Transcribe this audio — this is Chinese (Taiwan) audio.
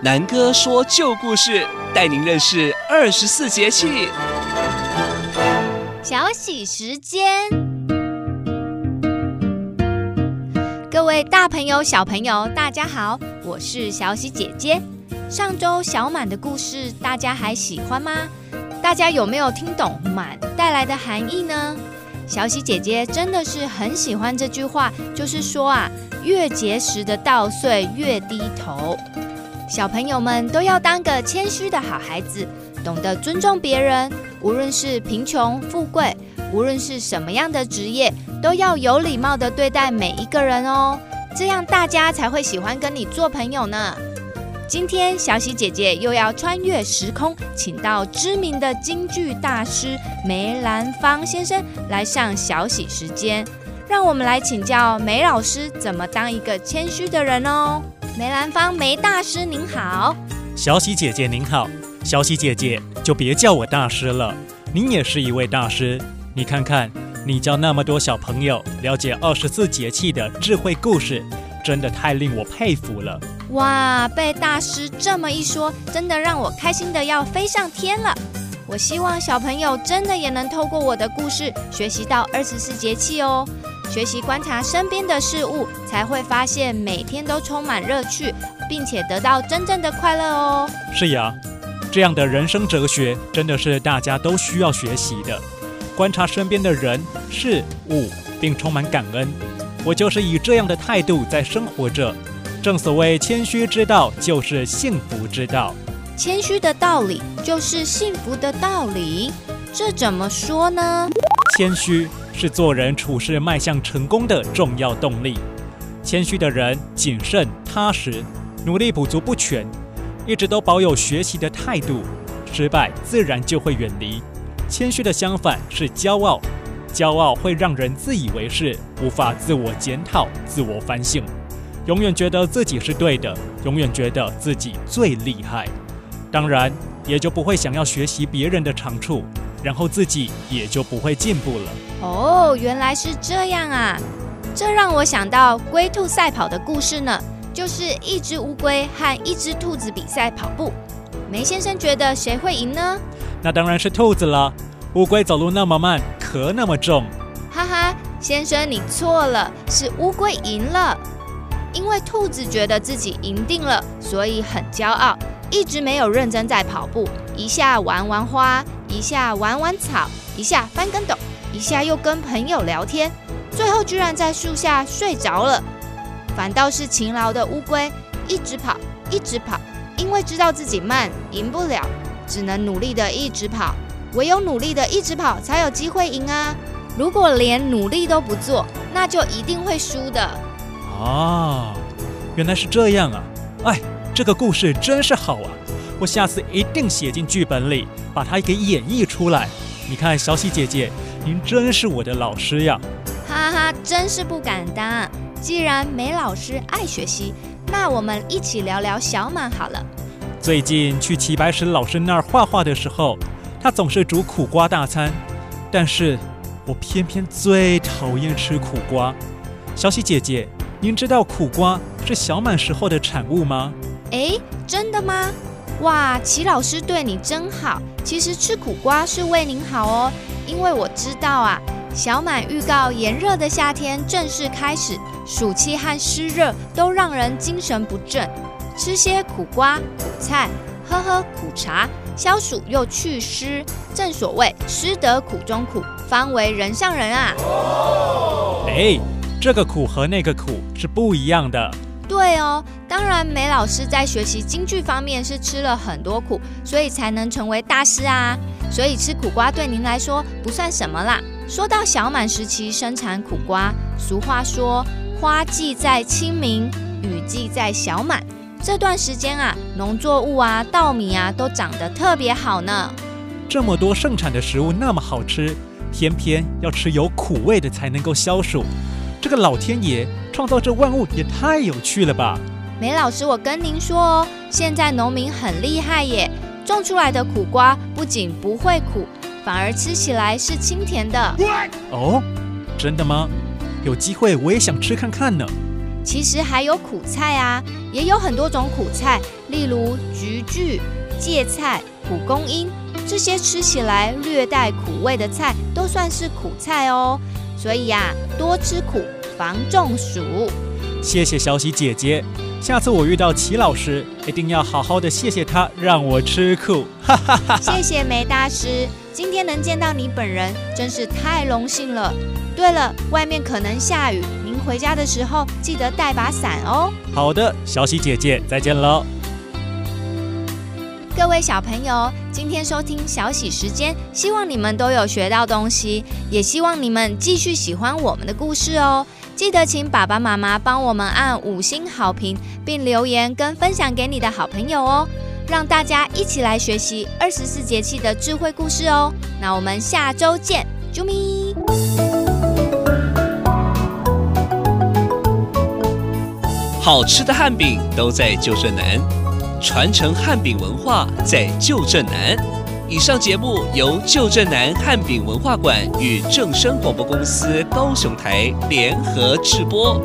南哥說舊故事，帶您認識二十四節氣。小喜時間，各位大朋友、小朋友，大家好，我是小喜姐姐。上周小滿的故事，大家還喜歡嗎？大家有沒有聽懂滿帶來的含義呢？小喜姐姐真的是很喜歡這句話，就是說啊，越結實的稻穗越低頭。小朋友們都要當個謙虛的好孩子，懂得尊重別人。無論是貧窮富貴，無論是什麼樣的職業，都要有禮貌地對待每一個人哦。這樣大家才會喜歡跟你做朋友呢。今天小喜姐姐又要穿越時空，請到知名的京劇大師梅蘭芳先生來上小喜時間，讓我們來請教梅老師怎麼當一個謙虛的人哦。梅蘭芳，梅大師您好，小喜姐姐您好，小喜姐姐就別叫我大師了，您也是一位大師。你看看，你教那麼多小朋友了解二十四節氣的智慧故事，真的太令我佩服了。哇，被大師這麼一說，真的讓我開心得要飛上天了。我希望小朋友真的也能透過我的故事學習到二十四節氣哦。學習觀察身邊的事物，才會發現每天都充滿樂趣，並且得到真正的快樂哦。是呀，這樣的人生哲學真的是大家都需要學習的。觀察身邊的人事物，並充滿感恩。我就是以這樣的態度在生活着。正所謂謙虛之道，就是幸福之道。謙虛的道理就是幸福的道理。這怎麼說呢？謙虛。是做人處事邁向成功的重要動力。謙虛的人謹慎踏實，努力補足不全，一直都保有學習的態度，失敗自然就會遠離。謙虛的相反是驕傲，驕傲會讓人自以為是，無法自我檢討、自我反省，永遠覺得自己是對的，永遠覺得自己最厲害，當然也就不會想要學習別人的長處。然後自己也就不會進步了。哦，原來是這樣啊！這讓我想到龜兔賽跑的故事呢，就是一隻烏龜和一隻兔子比賽跑步。梅先生覺得誰會贏呢？那當然是兔子了。烏龜走路那麼慢，殼那麼重。哈哈，先生你錯了，是烏龜贏了。因為兔子覺得自己贏定了，所以很驕傲，一直沒有認真在跑步，一下玩玩花，一下玩玩草，一下翻跟斗，一下又跟朋友聊天，最後居然在樹下睡着了。反倒是勤勞的烏龜，一直跑，一直跑，因為知道自己慢，贏不了，只能努力的一直跑。唯有努力的一直跑，才有機會贏啊！如果連努力都不做，那就一定會輸的。哦，原來是這樣啊！哎，這個故事真是好啊！我下次一定寫進劇本裡，把它給演繹出來。你看，小喜姐姐，您真是我的老師呀！哈哈，真是不敢當。既然梅老師愛學習，那我們一起聊聊小滿好了。最近去齊白石老師那兒畫畫的時候，他總是煮苦瓜大餐，但是我偏偏最討厭吃苦瓜。小喜姐姐，您知道苦瓜是小滿時候的產物嗎？哎，真的嗎？哇，齊老師對你真好。其實吃苦瓜是為您好哦，因為我知道啊，小滿預告炎熱的夏天正式開始，暑氣和濕熱都讓人精神不振，吃些苦瓜、苦菜，喝喝苦茶，消暑又去濕。正所謂，吃得苦中苦，方為人上人啊。哎、欸，這個苦和那個苦是不一樣的。對哦，當然梅老師在學習京劇方面是吃了很多苦，所以才能成為大師啊。所以吃苦瓜對您來說不算什麼啦。說到小滿時期生產苦瓜，俗話說花季在清明，雨季在小滿。這段時間啊，農作物啊、稻米啊都長得特別好呢。這麼多盛產的食物那麼好吃，偏偏要吃有苦味的才能夠消暑，這個老天爺。創造這萬物也太有趣了吧！梅老師，我跟您說哦，現在農民很厲害耶，種出來的苦瓜不僅不會苦，反而吃起來是清甜的。哦，真的嗎？有機會我也想吃看看呢。其實還有苦菜啊，也有很多種苦菜，例如菊苣、芥菜、蒲公英這些吃起來略帶苦味的菜都算是苦菜哦。所以呀，多吃苦，防中暑，謝謝小喜姐姐。下次我遇到齊老師，一定要好好的謝謝他，讓我吃苦。 謝謝梅大師，今天能見到你本人，真是太榮幸了。對了，外面可能下雨，您回家的時候記得帶把傘哦。好的，小喜姐姐，再見嘍。各位小朋友，今天收聽小喜時間，希望你們都有學到東西，也希望你們繼續喜歡我們的故事哦。記得請爸爸媽媽幫我們按五星好評，並留言跟分享給你的好朋友哦，讓大家一起來學習二十四節氣的智慧故事哦。那我們下周見，啾咪！好吃的漢餅都在舊振南，傳承漢餅文化在舊振南。以上節目由舊鎮南漢餅文化館與正聲廣播公司高雄台聯合制播。